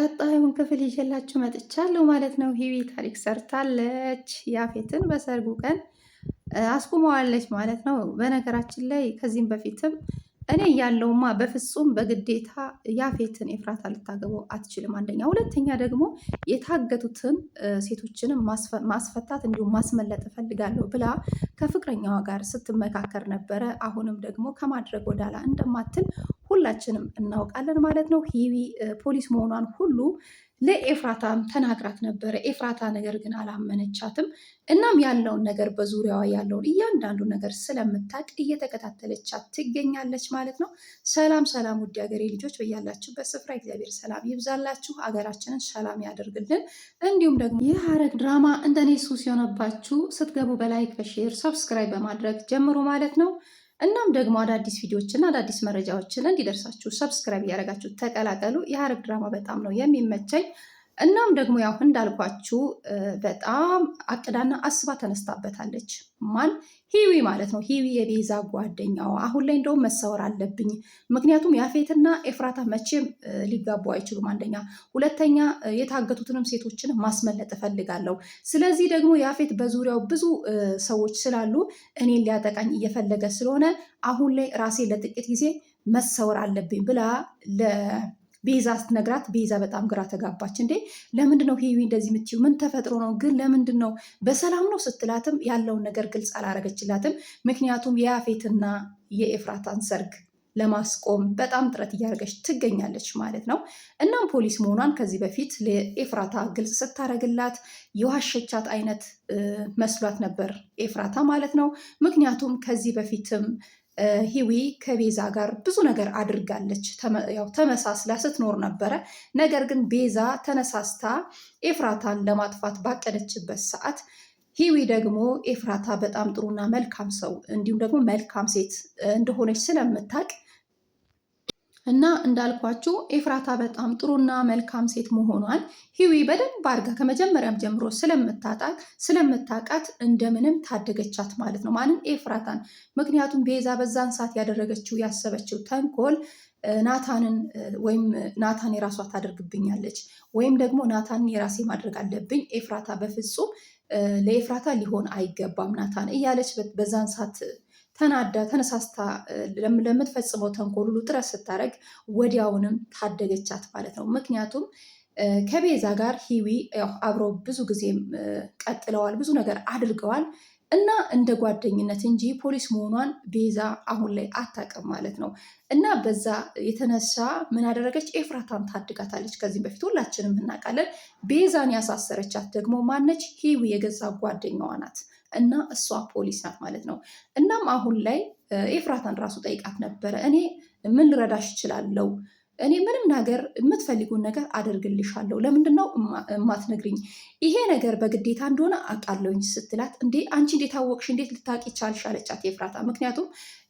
ቀጣዩን ክፍል ይዤላችሁ መጥቻለሁ ማለት ነው። ሂዊ ታሪክ ሰርታለች። ያፌትን በሰርጉ ቀን አስቁመዋለች ማለት ነው። በነገራችን ላይ ከዚህም በፊትም እኔ ያለውማ በፍጹም በግዴታ ያፌትን ኤፍራታ ልታገባው አትችልም። አንደኛ፣ ሁለተኛ ደግሞ የታገቱትን ሴቶችንም ማስፈታት እንዲሁም ማስመለጥ እፈልጋለሁ ብላ ከፍቅረኛዋ ጋር ስትመካከር ነበረ። አሁንም ደግሞ ከማድረግ ወዳላ እንደማትል ሁላችንም እናውቃለን ማለት ነው። ሂዊ ፖሊስ መሆኗን ሁሉ ለኤፍራታም ተናግራት ነበረ። ኤፍራታ ነገር ግን አላመነቻትም። እናም ያለውን ነገር በዙሪያዋ ያለውን እያንዳንዱ ነገር ስለምታቅ እየተከታተለቻት ትገኛለች ማለት ነው። ሰላም ሰላም፣ ውድ ሀገሬ ልጆች በያላችሁበት ስፍራ እግዚአብሔር ሰላም ይብዛላችሁ፣ ሀገራችንን ሰላም ያደርግልን። እንዲሁም ደግሞ ይህ ሐረግ ድራማ እንደኔ ሱስ የሆነባችሁ ስትገቡ በላይክ በሼር ሰብስክራይብ በማድረግ ጀምሩ ማለት ነው። እናም ደግሞ አዳዲስ ቪዲዮዎችና አዳዲስ መረጃዎችን እንዲደርሳችሁ ሰብስክራይብ እያደረጋችሁ ተቀላቀሉ። የሀረግ ድራማ በጣም ነው የሚመቸኝ። እናም ደግሞ ያው እንዳልኳችሁ በጣም አቅዳና አስባ ተነስታበታለች። ማን ሂዊ ማለት ነው። ሂዊ የቤዛ ጓደኛዋ። አሁን ላይ እንደውም መሰወር አለብኝ፣ ምክንያቱም ያፌትና ኤፍራታ መቼም ሊጋቡ አይችሉም። አንደኛ፣ ሁለተኛ የታገቱትንም ሴቶችን ማስመለጥ እፈልጋለሁ። ስለዚህ ደግሞ ያፌት በዙሪያው ብዙ ሰዎች ስላሉ እኔን ሊያጠቃኝ እየፈለገ ስለሆነ አሁን ላይ ራሴ ለጥቂት ጊዜ መሰወር አለብኝ ብላ ቤዛ ስትነግራት ቤዛ በጣም ግራ ተጋባች። እንዴ ለምንድን ነው ሄዊ እንደዚህ የምትይው? ምን ተፈጥሮ ነው ግን ለምንድን ነው በሰላም ነው ስትላትም ያለውን ነገር ግልጽ አላረገችላትም። ምክንያቱም የያፌትና የኤፍራታን ሰርግ ለማስቆም በጣም ጥረት እያደረገች ትገኛለች ማለት ነው። እናም ፖሊስ መሆኗን ከዚህ በፊት ለኤፍራታ ግልጽ ስታደርግላት የዋሸቻት አይነት መስሏት ነበር ኤፍራታ ማለት ነው። ምክንያቱም ከዚህ በፊትም ሂዊ ከቤዛ ጋር ብዙ ነገር አድርጋለች። ተመሳስላ ስትኖር ነበረ። ነገር ግን ቤዛ ተነሳስታ ኤፍራታን ለማጥፋት ባቀደችበት ሰዓት ሂዊ ደግሞ ኤፍራታ በጣም ጥሩና መልካም ሰው እንዲሁም ደግሞ መልካም ሴት እንደሆነች ስለምታውቅ እና እንዳልኳችሁ ኤፍራታ በጣም ጥሩና መልካም ሴት መሆኗን ሂዊ በደንብ አድርጋ ከመጀመሪያም ጀምሮ ስለምታጣቅ ስለምታቃት እንደምንም ታደገቻት ማለት ነው። ማንም ኤፍራታን ምክንያቱም ቤዛ በዛን ሰዓት ያደረገችው ያሰበችው ተንኮል ናታንን ወይም ናታን የራሷ ታደርግብኛለች ወይም ደግሞ ናታንን የራሴ ማድረግ አለብኝ፣ ኤፍራታ በፍጹም ለኤፍራታ ሊሆን አይገባም ናታን እያለች በዛን ሰዓት ተናዳ ተነሳስታ ለምትፈጽመው ተንኮል ሁሉ ጥረት ስታደርግ ወዲያውንም ታደገቻት ማለት ነው። ምክንያቱም ከቤዛ ጋር ሂዊ አብረው ብዙ ጊዜ ቀጥለዋል፣ ብዙ ነገር አድርገዋል እና እንደ ጓደኝነት እንጂ ፖሊስ መሆኗን ቤዛ አሁን ላይ አታውቅም ማለት ነው። እና በዛ የተነሳ ምን አደረገች? ኤፍራታን ታድጋታለች። ከዚህም በፊት ሁላችንም እናውቃለን። ቤዛን ያሳሰረቻት ደግሞ ማነች? ሂዊ የገዛ ጓደኛዋ ናት። እና እሷ ፖሊስ ናት ማለት ነው። እናም አሁን ላይ ኤፍራታን ራሱ ጠይቃት ነበረ እኔ ምን ልረዳሽ እችላለሁ እኔ ምንም ነገር የምትፈልጉን ነገር አደርግልሻለሁ፣ ለምንድን ነው እማትነግሪኝ? ይሄ ነገር በግዴታ እንደሆነ አውቃለሁኝ ስትላት፣ እንዴ አንቺ እንዴት አወቅሽ? እንዴት ልታቂ ቻልሽ? አለቻት የፍራታ። ምክንያቱም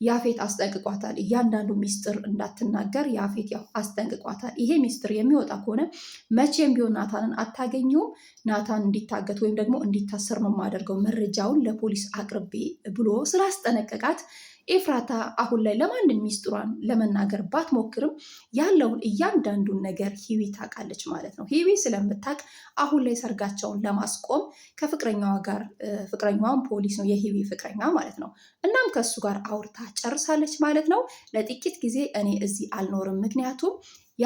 ያፌት አስጠንቅቋታል፣ እያንዳንዱ ሚስጥር እንዳትናገር ያፌት ያው አስጠንቅቋታል። ይሄ ሚስጥር የሚወጣ ከሆነ መቼም ቢሆን ናታንን አታገኘውም። ናታን እንዲታገት ወይም ደግሞ እንዲታሰር ነው የማደርገው፣ መረጃውን ለፖሊስ አቅርቤ ብሎ ስላስጠነቀቃት ኤፍራታ አሁን ላይ ለማንም ሚስጥሯን ለመናገር ባትሞክርም ያለውን እያንዳንዱን ነገር ሂዊ ታውቃለች ማለት ነው። ሂዊ ስለምታውቅ አሁን ላይ ሰርጋቸውን ለማስቆም ከፍቅረኛዋ ጋር ፍቅረኛዋን ፖሊስ ነው የሂዊ ፍቅረኛ ማለት ነው። እናም ከእሱ ጋር አውርታ ጨርሳለች ማለት ነው። ለጥቂት ጊዜ እኔ እዚህ አልኖርም፣ ምክንያቱም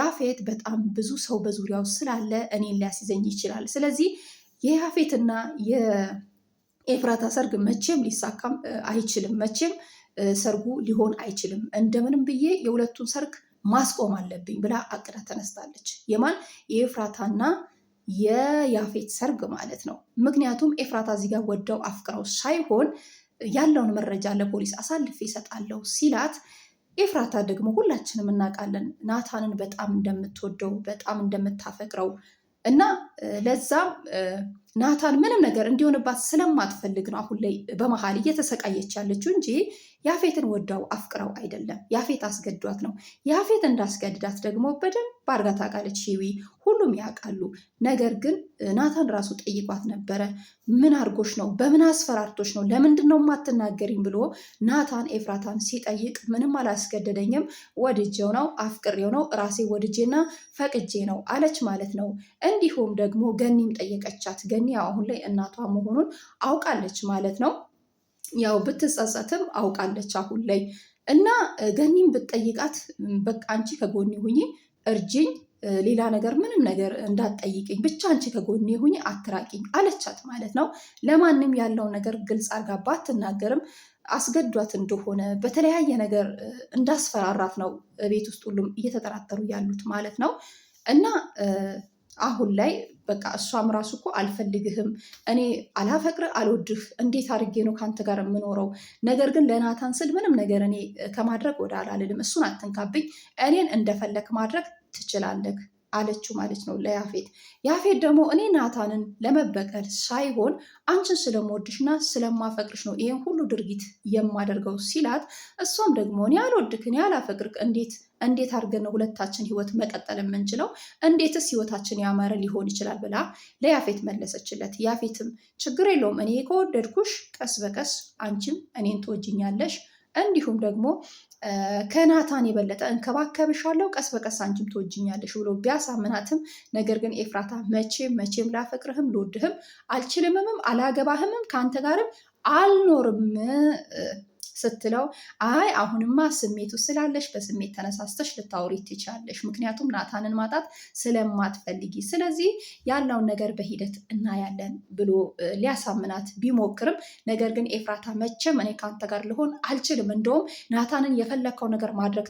ያፌት በጣም ብዙ ሰው በዙሪያው ስላለ እኔን ሊያስይዘኝ ይችላል። ስለዚህ የያፌትና የኤፍራታ ሰርግ መቼም ሊሳካም አይችልም መቼም ሰርጉ ሊሆን አይችልም፣ እንደምንም ብዬ የሁለቱን ሰርግ ማስቆም አለብኝ ብላ አቅዳ ተነስታለች። የማን የኤፍራታና የያፌት ሰርግ ማለት ነው። ምክንያቱም ኤፍራታ እዚህ ጋር ወደው አፍቅረው ሳይሆን ያለውን መረጃ ለፖሊስ አሳልፌ ይሰጣለሁ ሲላት ኤፍራታ ደግሞ ሁላችንም እናውቃለን ናታንን በጣም እንደምትወደው በጣም እንደምታፈቅረው እና ለዛም ናታን ምንም ነገር እንዲሆንባት ስለማትፈልግ ነው አሁን ላይ በመሀል እየተሰቃየች ያለችው እንጂ ያፌትን ወዳው አፍቅረው አይደለም። ያፌት አስገድዷት ነው። ያፌት እንዳስገድዳት ደግሞ በደንብ አድርጋ ታውቃለች ሂዊ፣ ሁሉም ያውቃሉ። ነገር ግን ናታን ራሱ ጠይቋት ነበረ። ምን አርጎች ነው? በምን አስፈራርቶች ነው? ለምንድን ነው የማትናገሪኝ? ብሎ ናታን ኤፍራታን ሲጠይቅ ምንም አላስገደደኝም፣ ወድጄው ነው፣ አፍቅሬው ነው፣ ራሴ ወድጄና ፈቅጄ ነው አለች ማለት ነው። እንዲሁም ደግሞ ደግሞ ገኒም ጠየቀቻት። ገኒ አሁን ላይ እናቷ መሆኑን አውቃለች ማለት ነው። ያው ብትጸጸትም አውቃለች አሁን ላይ እና ገኒም ብትጠይቃት በቃ አንቺ ከጎኒ ሁኚ እርጅኝ ሌላ ነገር ምንም ነገር እንዳትጠይቅኝ ብቻ አንቺ ከጎኔ ሁኝ አትራቂኝ አለቻት ማለት ነው። ለማንም ያለው ነገር ግልጽ አድርጋ ባትናገርም አስገዷት እንደሆነ በተለያየ ነገር እንዳስፈራራት ነው ቤት ውስጥ ሁሉም እየተጠራጠሩ ያሉት ማለት ነው እና አሁን ላይ በቃ እሷም ራሱ እኮ አልፈልግህም፣ እኔ አላፈቅር አልወድህ፣ እንዴት አድርጌ ነው ከአንተ ጋር የምኖረው? ነገር ግን ለናታን ስል ምንም ነገር እኔ ከማድረግ ወደ አላልልም፣ እሱን አትንካብኝ፣ እኔን እንደፈለክ ማድረግ ትችላለህ አለችው ማለት ነው ለያፌት። ያፌት ደግሞ እኔ ናታንን ለመበቀል ሳይሆን አንቺን ስለምወድሽና ስለማፈቅርሽ ነው ይህን ሁሉ ድርጊት የማደርገው ሲላት፣ እሷም ደግሞ እኔ አልወድክ፣ እኔ አላፈቅርክ እንዴት እንዴት አድርገን ነው ሁለታችን ህይወት መቀጠል የምንችለው? እንዴትስ ህይወታችን ያማረ ሊሆን ይችላል ብላ ለያፌት መለሰችለት። ያፌትም ችግር የለውም እኔ ከወደድኩሽ ቀስ በቀስ አንቺም እኔን ትወጅኛለሽ እንዲሁም ደግሞ ከናታን የበለጠ እንከባከብሻለሁ ቀስ በቀስ አንቺም ትወጅኛለሽ ብሎ ቢያሳምናትም፣ ነገር ግን ኤፍራታ መቼም መቼም ላፈቅርህም ልወድህም አልችልምምም አላገባህምም ከአንተ ጋርም አልኖርም ስትለው አይ አሁንማ ስሜቱ ስላለሽ በስሜት ተነሳስተሽ ልታውሪ ትችያለሽ፣ ምክንያቱም ናታንን ማጣት ስለማትፈልጊ፣ ስለዚህ ያለውን ነገር በሂደት እናያለን ብሎ ሊያሳምናት ቢሞክርም ነገር ግን ኤፍራታ መቼም እኔ ከአንተ ጋር ልሆን አልችልም፣ እንደውም ናታንን የፈለግከው ነገር ማድረግ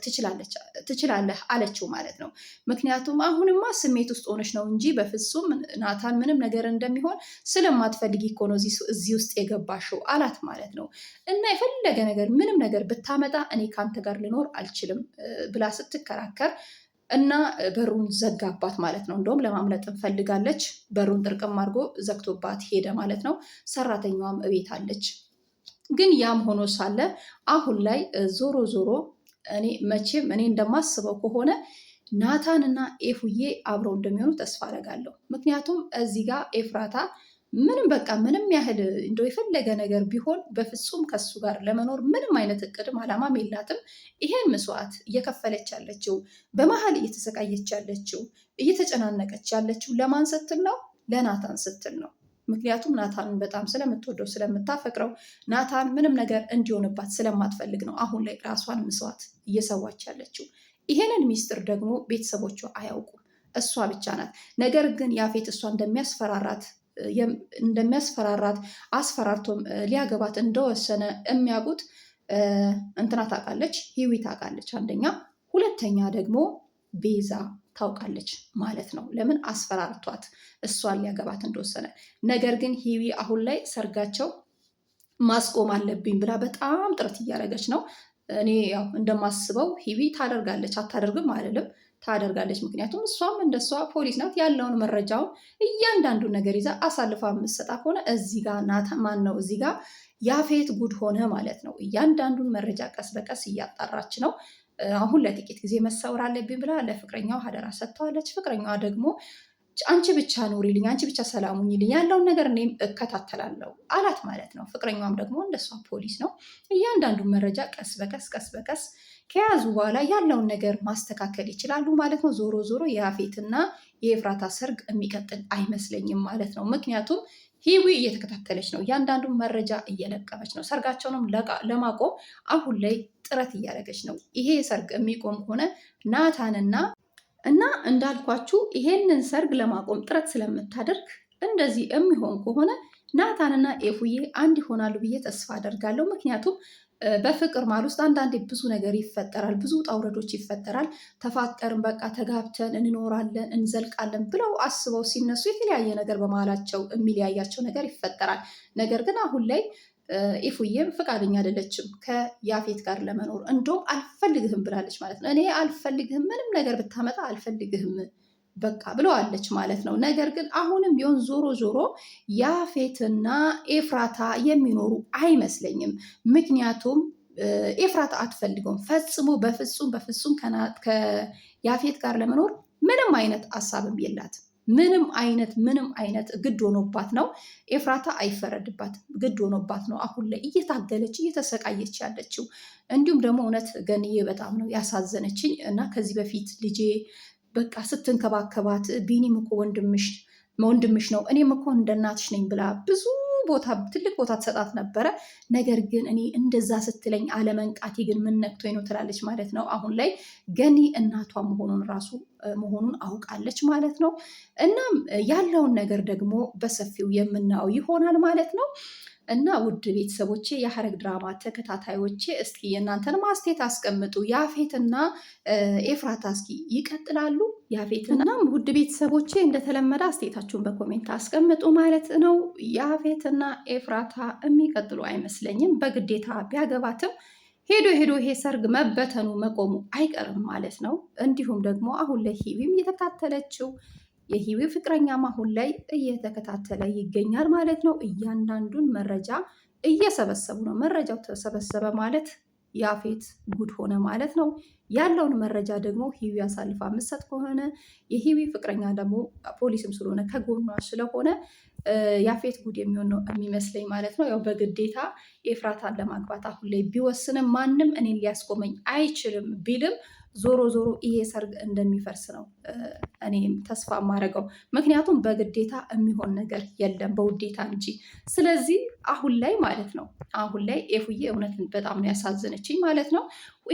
ትችላለህ አለችው ማለት ነው። ምክንያቱም አሁንማ ስሜት ውስጥ ሆነች ነው እንጂ በፍጹም ናታን ምንም ነገር እንደሚሆን ስለማትፈልጊ እኮ ነው እዚህ ውስጥ የገባሽው አላት ማለት ነው። እና የፈለገ ነገር ነገር ምንም ነገር ብታመጣ እኔ ከአንተ ጋር ልኖር አልችልም ብላ ስትከራከር እና በሩን ዘጋባት ማለት ነው። እንደውም ለማምለጥ እንፈልጋለች። በሩን ጥርቅም አድርጎ ዘግቶባት ሄደ ማለት ነው። ሰራተኛዋም እቤት አለች። ግን ያም ሆኖ ሳለ አሁን ላይ ዞሮ ዞሮ እኔ መቼም እኔ እንደማስበው ከሆነ ናታን እና ኤፉዬ አብረው እንደሚሆኑ ተስፋ አደርጋለሁ። ምክንያቱም እዚህ ጋር ኤፍራታ ምንም በቃ ምንም ያህል እንደው የፈለገ ነገር ቢሆን በፍጹም ከሱ ጋር ለመኖር ምንም አይነት እቅድም አላማም የላትም። ይሄን መስዋዕት እየከፈለች ያለችው በመሀል እየተሰቃየች ያለችው እየተጨናነቀች ያለችው ለማን ስትል ነው? ለናታን ስትል ነው። ምክንያቱም ናታንን በጣም ስለምትወደው ስለምታፈቅረው፣ ናታን ምንም ነገር እንዲሆንባት ስለማትፈልግ ነው አሁን ላይ ራሷን መስዋዕት እየሰዋች ያለችው። ይሄንን ሚስጥር ደግሞ ቤተሰቦቿ አያውቁም፣ እሷ ብቻ ናት። ነገር ግን ያፌት እሷ እንደሚያስፈራራት እንደሚያስፈራራት አስፈራርቶም ሊያገባት እንደወሰነ የሚያውቁት እንትና ታውቃለች፣ ሂዊ ታውቃለች አንደኛ፣ ሁለተኛ ደግሞ ቤዛ ታውቃለች ማለት ነው። ለምን አስፈራርቷት እሷን ሊያገባት እንደወሰነ። ነገር ግን ሂዊ አሁን ላይ ሰርጋቸው ማስቆም አለብኝ ብላ በጣም ጥረት እያደረገች ነው። እኔ ያው እንደማስበው ሂዊ ታደርጋለች፣ አታደርግም አይደለም ታደርጋለች። ምክንያቱም እሷም እንደሷ ፖሊስ ናት። ያለውን መረጃውን እያንዳንዱን ነገር ይዛ አሳልፋ የምትሰጣ ከሆነ እዚህ ጋር ናታ ማን ነው እዚህ ጋ ያፌት ጉድ ሆነ ማለት ነው። እያንዳንዱን መረጃ ቀስ በቀስ እያጣራች ነው። አሁን ለጥቂት ጊዜ መሰወር አለብኝ ብላ ለፍቅረኛው ሀደራ ሰጥተዋለች። ፍቅረኛዋ ደግሞ አንቺ ብቻ ኑሪልኝ፣ አንቺ ብቻ ሰላም ያለውን ነገር እኔም እከታተላለሁ አላት ማለት ነው። ፍቅረኛዋም ደግሞ እንደሷ ፖሊስ ነው። እያንዳንዱ መረጃ ቀስ በቀስ ቀስ በቀስ ከያዙ በኋላ ያለውን ነገር ማስተካከል ይችላሉ ማለት ነው። ዞሮ ዞሮ የአፌትና የኤፍራታ ሰርግ የሚቀጥል አይመስለኝም ማለት ነው። ምክንያቱም ሂዊ እየተከታተለች ነው፣ እያንዳንዱ መረጃ እየለቀመች ነው። ሰርጋቸውንም ለማቆም አሁን ላይ ጥረት እያደረገች ነው። ይሄ ሰርግ የሚቆም ከሆነ ናታንና እና እንዳልኳችሁ ይሄንን ሰርግ ለማቆም ጥረት ስለምታደርግ እንደዚህ የሚሆን ከሆነ ናታንና ኤፉዬ አንድ ይሆናሉ ብዬ ተስፋ አደርጋለሁ። ምክንያቱም በፍቅር ማል ውስጥ አንዳንዴ ብዙ ነገር ይፈጠራል፣ ብዙ ውጣ ውረዶች ይፈጠራል። ተፋቀርን፣ በቃ ተጋብተን እንኖራለን፣ እንዘልቃለን ብለው አስበው ሲነሱ የተለያየ ነገር በመሀላቸው የሚለያያቸው ነገር ይፈጠራል። ነገር ግን አሁን ላይ ኢፉዬም ፈቃደኛ አይደለችም ከያፌት ጋር ለመኖር እንደውም አልፈልግህም ብላለች ማለት ነው። እኔ አልፈልግህም፣ ምንም ነገር ብታመጣ አልፈልግህም በቃ ብለዋለች ማለት ነው። ነገር ግን አሁንም ቢሆን ዞሮ ዞሮ ያፌትና ኤፍራታ የሚኖሩ አይመስለኝም። ምክንያቱም ኤፍራታ አትፈልገውም ፈጽሞ፣ በፍጹም በፍጹም ከያፌት ጋር ለመኖር ምንም አይነት ሀሳብም የላትም። ምንም አይነት ምንም አይነት ግድ ሆኖባት ነው። ኤፍራታ አይፈረድባትም፣ ግድ ሆኖባት ነው አሁን ላይ እየታገለች እየተሰቃየች ያለችው። እንዲሁም ደግሞ እውነት ገንዬ በጣም ነው ያሳዘነችኝ እና ከዚህ በፊት ልጄ በቃ ስትንከባከባት ቢኒም እኮ ወንድምሽ ነው እኔም እኮ እንደ እናትሽ ነኝ ብላ ብዙ ቦታ ትልቅ ቦታ ትሰጣት ነበረ። ነገር ግን እኔ እንደዛ ስትለኝ አለመንቃቴ ግን ምን ነክቶኝ ነው ትላለች ማለት ነው። አሁን ላይ ገኒ እናቷ መሆኑን ራሱ መሆኑን አውቃለች ማለት ነው። እናም ያለውን ነገር ደግሞ በሰፊው የምናየው ይሆናል ማለት ነው። እና ውድ ቤተሰቦቼ የሐረግ ድራማ ተከታታዮቼ እስኪ የእናንተን ማስቴት አስቀምጡ። ያፌትና ኤፍራታ እስኪ ይቀጥላሉ። ያፌትናም ውድ ቤተሰቦቼ እንደተለመደ አስቴታችሁን በኮሜንት አስቀምጡ ማለት ነው። ያፌትና ኤፍራታ የሚቀጥሉ አይመስለኝም። በግዴታ ቢያገባትም ሄዶ ሄዶ ይሄ ሰርግ መበተኑ መቆሙ አይቀርም ማለት ነው። እንዲሁም ደግሞ አሁን ላይ ሂዊም እየተከታተለችው የሂዊ ፍቅረኛም አሁን ላይ እየተከታተለ ይገኛል ማለት ነው። እያንዳንዱን መረጃ እየሰበሰቡ ነው። መረጃው ተሰበሰበ ማለት ያፌት ጉድ ሆነ ማለት ነው። ያለውን መረጃ ደግሞ ሂዊ አሳልፋ ምሰጥ ከሆነ የሂዊ ፍቅረኛ ደግሞ ፖሊስም ስለሆነ ከጎኗ ስለሆነ ያፌት ጉድ የሚሆን ነው የሚመስለኝ ማለት ነው። ያው በግዴታ ኤፍራታን ለማግባት አሁን ላይ ቢወስንም ማንም እኔን ሊያስቆመኝ አይችልም ቢልም ዞሮ ዞሮ ይሄ ሰርግ እንደሚፈርስ ነው እኔ ተስፋ ማድረገው። ምክንያቱም በግዴታ የሚሆን ነገር የለም በውዴታ እንጂ። ስለዚህ አሁን ላይ ማለት ነው። አሁን ላይ ኤፉዬ እውነትን በጣም ነው ያሳዘነችኝ ማለት ነው።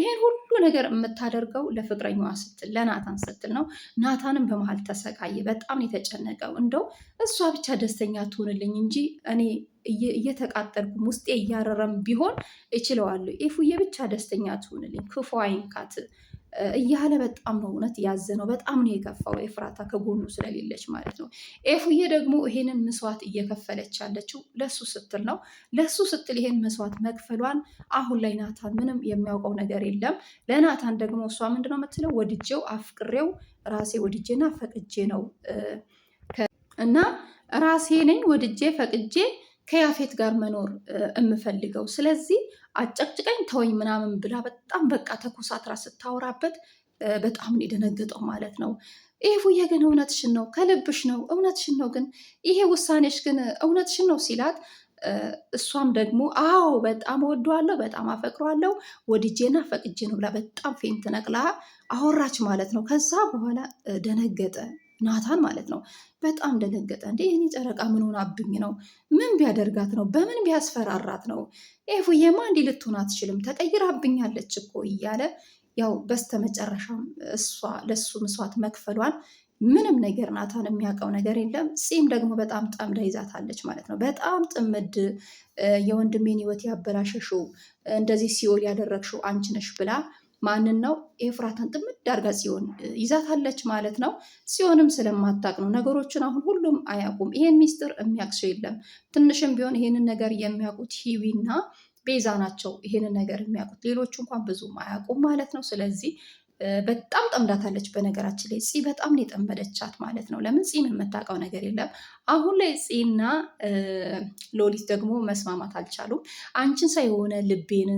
ይሄን ሁሉ ነገር የምታደርገው ለፍቅረኛዋ ስትል ለናታን ስትል ነው። ናታንም በመሀል ተሰቃየ። በጣም የተጨነቀው እንደው እሷ ብቻ ደስተኛ ትሆንልኝ እንጂ እኔ እየተቃጠልኩም ውስጤ እያረረም ቢሆን እችለዋለሁ። ኤፉዬ ብቻ ደስተኛ ትሆንልኝ፣ ክፉ አይንካት እያለ በጣም ነው እውነት ያዘነው። በጣም ነው የከፋው ኤፍራታ ከጎኑ ስለሌለች ማለት ነው። ኤፉዬ ደግሞ ይሄንን ምስዋት እየከፈለች ያለችው ለሱ ስትል ትክክል ነው። ለሱ ስትል ይሄን መስዋዕት መክፈሏን አሁን ላይ ናታን ምንም የሚያውቀው ነገር የለም። ለናታን ደግሞ እሷ ምንድነው የምትለው? ወድጄው አፍቅሬው ራሴ ወድጄና ፈቅጄ ነው እና ራሴ ነኝ ወድጄ ፈቅጄ ከያፌት ጋር መኖር የምፈልገው ስለዚህ አጨቅጭቀኝ ተወኝ ምናምን ብላ በጣም በቃ ተኮሳትራ ስታወራበት በጣም የደነገጠው ማለት ነው። ኤፉዬ ግን እውነትሽን ነው፣ ከልብሽ ነው፣ እውነትሽን ነው፣ ግን ይሄ ውሳኔሽ ግን እውነትሽን ነው ሲላት እሷም ደግሞ አዎ በጣም ወደዋለሁ፣ በጣም አፈቅረዋለሁ፣ ወድጄና ፈቅጄ ነው ብላ በጣም ፌንት ነቅላ አወራች ማለት ነው። ከዛ በኋላ ደነገጠ ናታን ማለት ነው። በጣም ደነገጠ። እንዴ ይህኔ ጨረቃ ምን ሆናብኝ ነው? ምን ቢያደርጋት ነው? በምን ቢያስፈራራት ነው? ኤፉዬማ እንዲህ ልትሆን አትችልም፣ ተቀይራብኛለች እኮ እያለ ያው በስተመጨረሻም እሷ ለሱ መስዋዕት መክፈሏን ምንም ነገር ናታን የሚያውቀው ነገር የለም። ፂም ደግሞ በጣም ጠምዳ ይዛታለች ማለት ነው። በጣም ጥምድ የወንድሜን ህይወት ያበላሸሽው እንደዚህ ሲኦል ያደረግሽው አንቺ ነሽ ብላ ማንን ነው ኤፍራታን ጥምድ ዳርጋ ጽዮን ይዛታለች ማለት ነው። ጽዮንም ስለማታቅ ነው ነገሮችን አሁን ሁሉም አያውቁም። ይሄን ሚስጥር የሚያውቅ ሰው የለም። ትንሽም ቢሆን ይሄንን ነገር የሚያውቁት ሂዊና ቤዛ ናቸው። ይሄንን ነገር የሚያውቁት ሌሎቹ እንኳን ብዙም አያውቁም ማለት ነው። ስለዚህ በጣም ጠምዳታለች። በነገራችን ላይ ፂ በጣም የጠመደቻት ማለት ነው። ለምን ፂን የምታውቀው ነገር የለም። አሁን ላይ ፂና ሎሊት ደግሞ መስማማት አልቻሉም። አንቺን ሳይሆነ ልቤን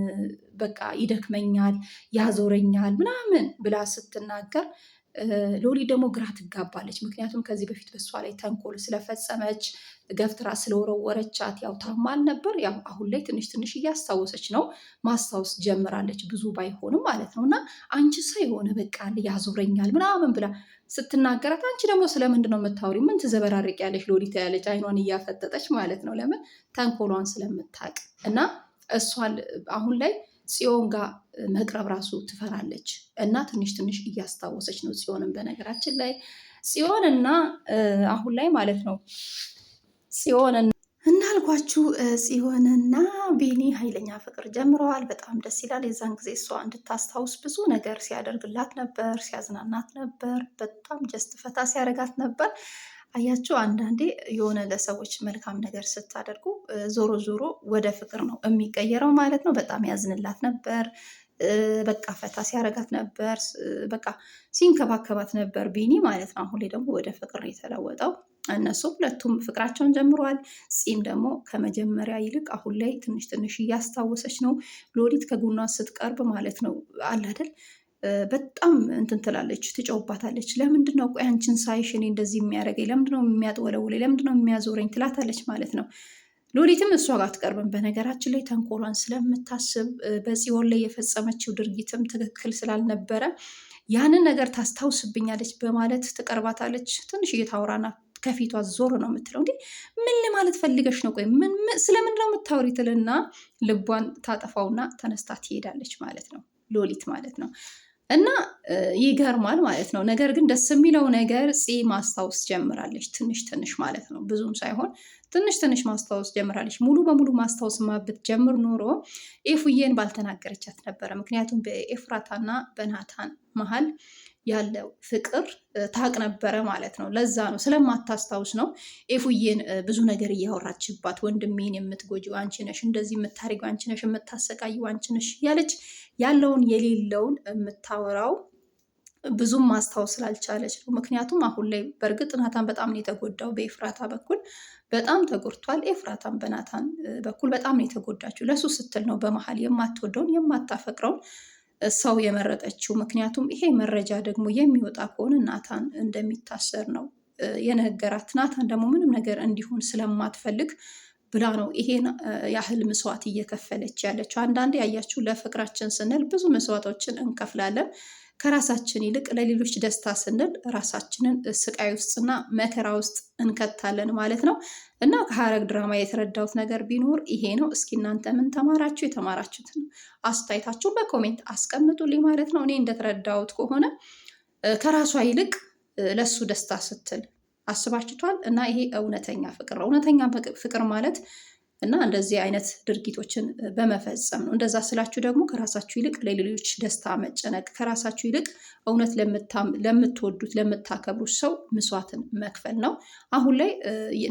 በቃ ይደክመኛል፣ ያዞረኛል ምናምን ብላ ስትናገር ሎሊ ደግሞ ግራ ትጋባለች። ምክንያቱም ከዚህ በፊት በሷ ላይ ተንኮል ስለፈጸመች ገፍትራ ስለወረወረቻት ያው ታማል ነበር። ያው አሁን ላይ ትንሽ ትንሽ እያስታወሰች ነው፣ ማስታወስ ጀምራለች። ብዙ ባይሆንም ማለት ነው እና አንቺ የሆነ በቃ ያዞረኛል ምናምን ብላ ስትናገራት አንቺ ደግሞ ስለምንድን ነው የምታወሪ? ምን ትዘበራርቅ ያለች ሎሊ ትያለች፣ አይኗን እያፈጠጠች ማለት ነው። ለምን ተንኮሏን ስለምታቅ እና እሷን አሁን ላይ ጽዮን ጋር መቅረብ ራሱ ትፈራለች እና ትንሽ ትንሽ እያስታወሰች ነው ጽዮንን። በነገራችን ላይ ጽዮን እና አሁን ላይ ማለት ነው ጽዮን እናልኳችሁ ጽዮንና ቤኒ ኃይለኛ ፍቅር ጀምረዋል። በጣም ደስ ይላል። የዛን ጊዜ እሷ እንድታስታውስ ብዙ ነገር ሲያደርግላት ነበር፣ ሲያዝናናት ነበር፣ በጣም ጀስት ፈታ ሲያደርጋት ነበር። አያችሁ አንዳንዴ የሆነ ለሰዎች መልካም ነገር ስታደርጉ ዞሮ ዞሮ ወደ ፍቅር ነው የሚቀየረው ማለት ነው። በጣም ያዝንላት ነበር። በቃ ፈታ ሲያረጋት ነበር። በቃ ሲንከባከባት ነበር ቢኒ ማለት ነው። አሁን ላይ ደግሞ ወደ ፍቅር ነው የተለወጠው። እነሱ ሁለቱም ፍቅራቸውን ጀምረዋል። ፂም ደግሞ ከመጀመሪያ ይልቅ አሁን ላይ ትንሽ ትንሽ እያስታወሰች ነው። ሎሊት ከጎኗ ስትቀርብ ማለት ነው አላደል በጣም እንትን ትላለች፣ ትጨውባታለች። ለምንድን ነው ቆይ አንቺን ሳይሽ እኔ እንደዚህ የሚያደርገኝ ለምንድን ነው የሚያጥወለውለኝ ለምንድን ነው የሚያዞረኝ ትላታለች ማለት ነው። ሎሊትም እሷ ጋር አትቀርብም። በነገራችን ላይ ተንኮሏን ስለምታስብ በጽዮን ላይ የፈጸመችው ድርጊትም ትክክል ስላልነበረ ያንን ነገር ታስታውስብኛለች በማለት ትቀርባታለች። ትንሽ እየታወራና ከፊቷ ዞር ነው የምትለው። እንዴ ምን ለማለት ፈልገሽ ነው? ቆይ ስለምን ነው የምታወሪ? ትልና ልቧን ታጠፋውና ተነስታ ትሄዳለች ማለት ነው ሎሊት ማለት ነው። እና ይገርማል ማለት ነው። ነገር ግን ደስ የሚለው ነገር ፂ ማስታወስ ጀምራለች ትንሽ ትንሽ ማለት ነው። ብዙም ሳይሆን ትንሽ ትንሽ ማስታወስ ጀምራለች። ሙሉ በሙሉ ማስታወስ ማብት ጀምር ኖሮ ኤፉዬን ባልተናገረቻት ነበረ። ምክንያቱም በኤፍራታና በናታን መሀል ያለው ፍቅር ታቅ ነበረ ማለት ነው። ለዛ ነው ስለማታስታውስ ነው ኤፉዬን ብዙ ነገር እያወራችባት ወንድሜን የምትጎጂው አንቺ ነሽ፣ እንደዚህ የምታደርጊው አንቺ ነሽ፣ የምታሰቃይው አንቺ ነሽ ያለች ያለውን የሌለውን የምታወራው ብዙም ማስታወስ ስላልቻለች ነው። ምክንያቱም አሁን ላይ በእርግጥ ናታን በጣም ነው የተጎዳው። በኤፍራታ በኩል በጣም ተጎድቷል። ኤፍራታን በናታን በኩል በጣም ነው የተጎዳችው። ለሱ ስትል ነው በመሀል የማትወደውን የማታፈቅረውን ሰው የመረጠችው። ምክንያቱም ይሄ መረጃ ደግሞ የሚወጣ ከሆነ ናታን እንደሚታሰር ነው የነገራት። ናታን ደግሞ ምንም ነገር እንዲሆን ስለማትፈልግ ብላ ነው ይሄን ያህል መስዋዕት እየከፈለች ያለችው። አንዳንዴ ያያችሁ ለፍቅራችን ስንል ብዙ መስዋዕቶችን እንከፍላለን። ከራሳችን ይልቅ ለሌሎች ደስታ ስንል ራሳችንን ስቃይ ውስጥና መከራ ውስጥ እንከታለን ማለት ነው። እና ከሀረግ ድራማ የተረዳሁት ነገር ቢኖር ይሄ ነው። እስኪ እናንተ ምን ተማራችሁ? የተማራችሁትን አስተያየታችሁን በኮሜንት አስቀምጡልኝ ማለት ነው። እኔ እንደተረዳሁት ከሆነ ከራሷ ይልቅ ለሱ ደስታ ስትል አስባችቷል። እና ይሄ እውነተኛ ፍቅር ነው። እውነተኛ ፍቅር ማለት እና እንደዚህ አይነት ድርጊቶችን በመፈጸም ነው። እንደዛ ስላችሁ ደግሞ ከራሳችሁ ይልቅ ለሌሎች ደስታ መጨነቅ፣ ከራሳችሁ ይልቅ እውነት ለምትወዱት ለምታከብሩት ሰው ምስዋትን መክፈል ነው። አሁን ላይ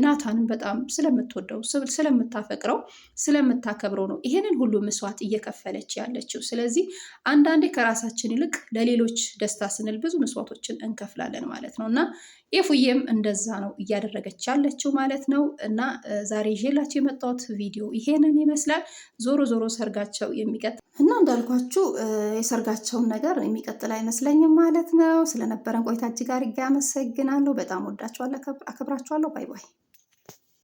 ናታንን በጣም ስለምትወደው ስለምታፈቅረው ስለምታከብረው ነው ይሄንን ሁሉ ምስዋት እየከፈለች ያለችው። ስለዚህ አንዳንዴ ከራሳችን ይልቅ ለሌሎች ደስታ ስንል ብዙ ምስዋቶችን እንከፍላለን ማለት ነው እና ኤፉዬም እንደዛ ነው እያደረገች ያለችው ማለት ነው እና ዛሬ ይዤላችሁ የመጣሁት ያየሁት ቪዲዮ ይሄንን ይመስላል። ዞሮ ዞሮ ሰርጋቸው የሚቀጥል እና እንዳልኳችሁ የሰርጋቸውን ነገር የሚቀጥል አይመስለኝም ማለት ነው። ስለነበረን ቆይታ እጅግ አድርጌ አመሰግናለሁ። በጣም ወዳችኋለሁ፣ አከብራችኋለሁ። ባይ ባይ